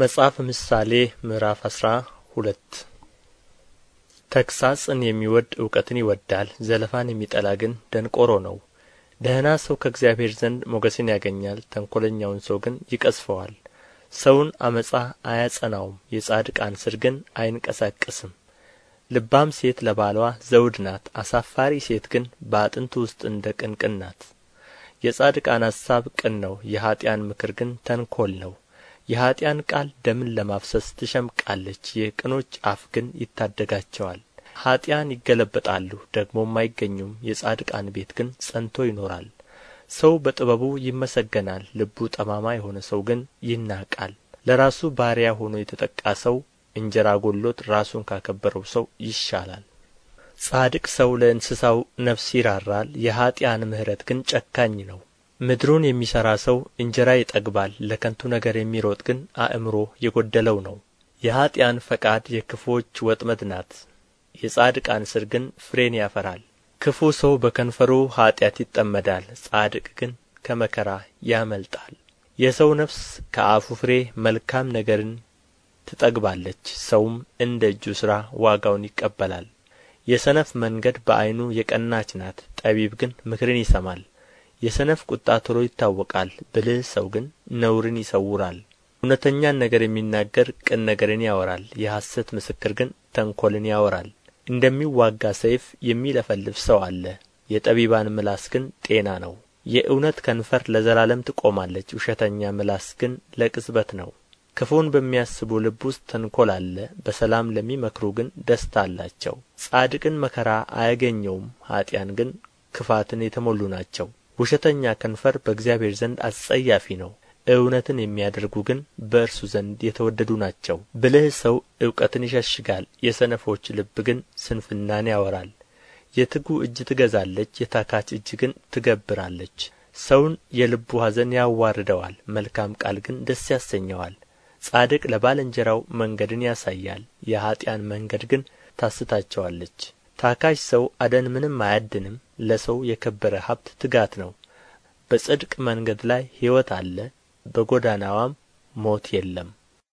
መጽሐፍ ምሳሌ ምዕራፍ አስራ ሁለት ተግሣጽን የሚወድ እውቀትን ይወዳል፣ ዘለፋን የሚጠላ ግን ደንቆሮ ነው። ደህና ሰው ከእግዚአብሔር ዘንድ ሞገስን ያገኛል፣ ተንኰለኛውን ሰው ግን ይቀስፈዋል። ሰውን አመጻ አያጸናውም፣ የጻድቃን ስር ግን አይንቀሳቀስም። ልባም ሴት ለባሏ ዘውድ ናት፣ አሳፋሪ ሴት ግን በአጥንቱ ውስጥ እንደ ቅንቅን ናት። የጻድቃን ሐሳብ ቅን ነው፣ የኀጢአን ምክር ግን ተንኰል ነው። የኀጥኣን ቃል ደምን ለማፍሰስ ትሸምቃለች የቅኖች አፍ ግን ይታደጋቸዋል ኀጥኣን ይገለበጣሉ ደግሞም አይገኙም የጻድቃን ቤት ግን ጸንቶ ይኖራል ሰው በጥበቡ ይመሰገናል ልቡ ጠማማ የሆነ ሰው ግን ይናቃል ለራሱ ባሪያ ሆኖ የተጠቃ ሰው እንጀራ ጎሎት ራሱን ካከበረው ሰው ይሻላል ጻድቅ ሰው ለእንስሳው ነፍስ ይራራል የኀጥኣን ምሕረት ግን ጨካኝ ነው ምድሩን የሚሠራ ሰው እንጀራ ይጠግባል ለከንቱ ነገር የሚሮጥ ግን አእምሮ የጐደለው ነው የኀጢአን ፈቃድ የክፉዎች ወጥመድ ናት የጻድቃን ስር ግን ፍሬን ያፈራል ክፉ ሰው በከንፈሩ ኀጢአት ይጠመዳል ጻድቅ ግን ከመከራ ያመልጣል የሰው ነፍስ ከአፉ ፍሬ መልካም ነገርን ትጠግባለች ሰውም እንደ እጁ ሥራ ዋጋውን ይቀበላል የሰነፍ መንገድ በዐይኑ የቀናች ናት ጠቢብ ግን ምክርን ይሰማል የሰነፍ ቁጣ ቶሎ ይታወቃል ብልህ ሰው ግን ነውርን ይሰውራል እውነተኛን ነገር የሚናገር ቅን ነገርን ያወራል የሐሰት ምስክር ግን ተንኰልን ያወራል እንደሚዋጋ ሰይፍ የሚለፈልፍ ሰው አለ የጠቢባን ምላስ ግን ጤና ነው የእውነት ከንፈር ለዘላለም ትቆማለች ውሸተኛ ምላስ ግን ለቅጽበት ነው ክፉን በሚያስቡ ልብ ውስጥ ተንኰል አለ በሰላም ለሚመክሩ ግን ደስታ አላቸው ጻድቅን መከራ አያገኘውም ኀጢያን ግን ክፋትን የተሞሉ ናቸው ውሸተኛ ከንፈር በእግዚአብሔር ዘንድ አስጸያፊ ነው እውነትን የሚያደርጉ ግን በእርሱ ዘንድ የተወደዱ ናቸው ብልህ ሰው እውቀትን ይሸሽጋል የሰነፎች ልብ ግን ስንፍናን ያወራል የትጉ እጅ ትገዛለች የታካች እጅ ግን ትገብራለች ሰውን የልቡ ሐዘን ያዋርደዋል መልካም ቃል ግን ደስ ያሰኘዋል ጻድቅ ለባልንጀራው መንገድን ያሳያል የኀጥኣን መንገድ ግን ታስታቸዋለች ታካች ሰው አደን ምንም አያድንም ለሰው የከበረ ሀብት ትጋት ነው በጽድቅ መንገድ ላይ ሕይወት አለ በጎዳናዋም ሞት የለም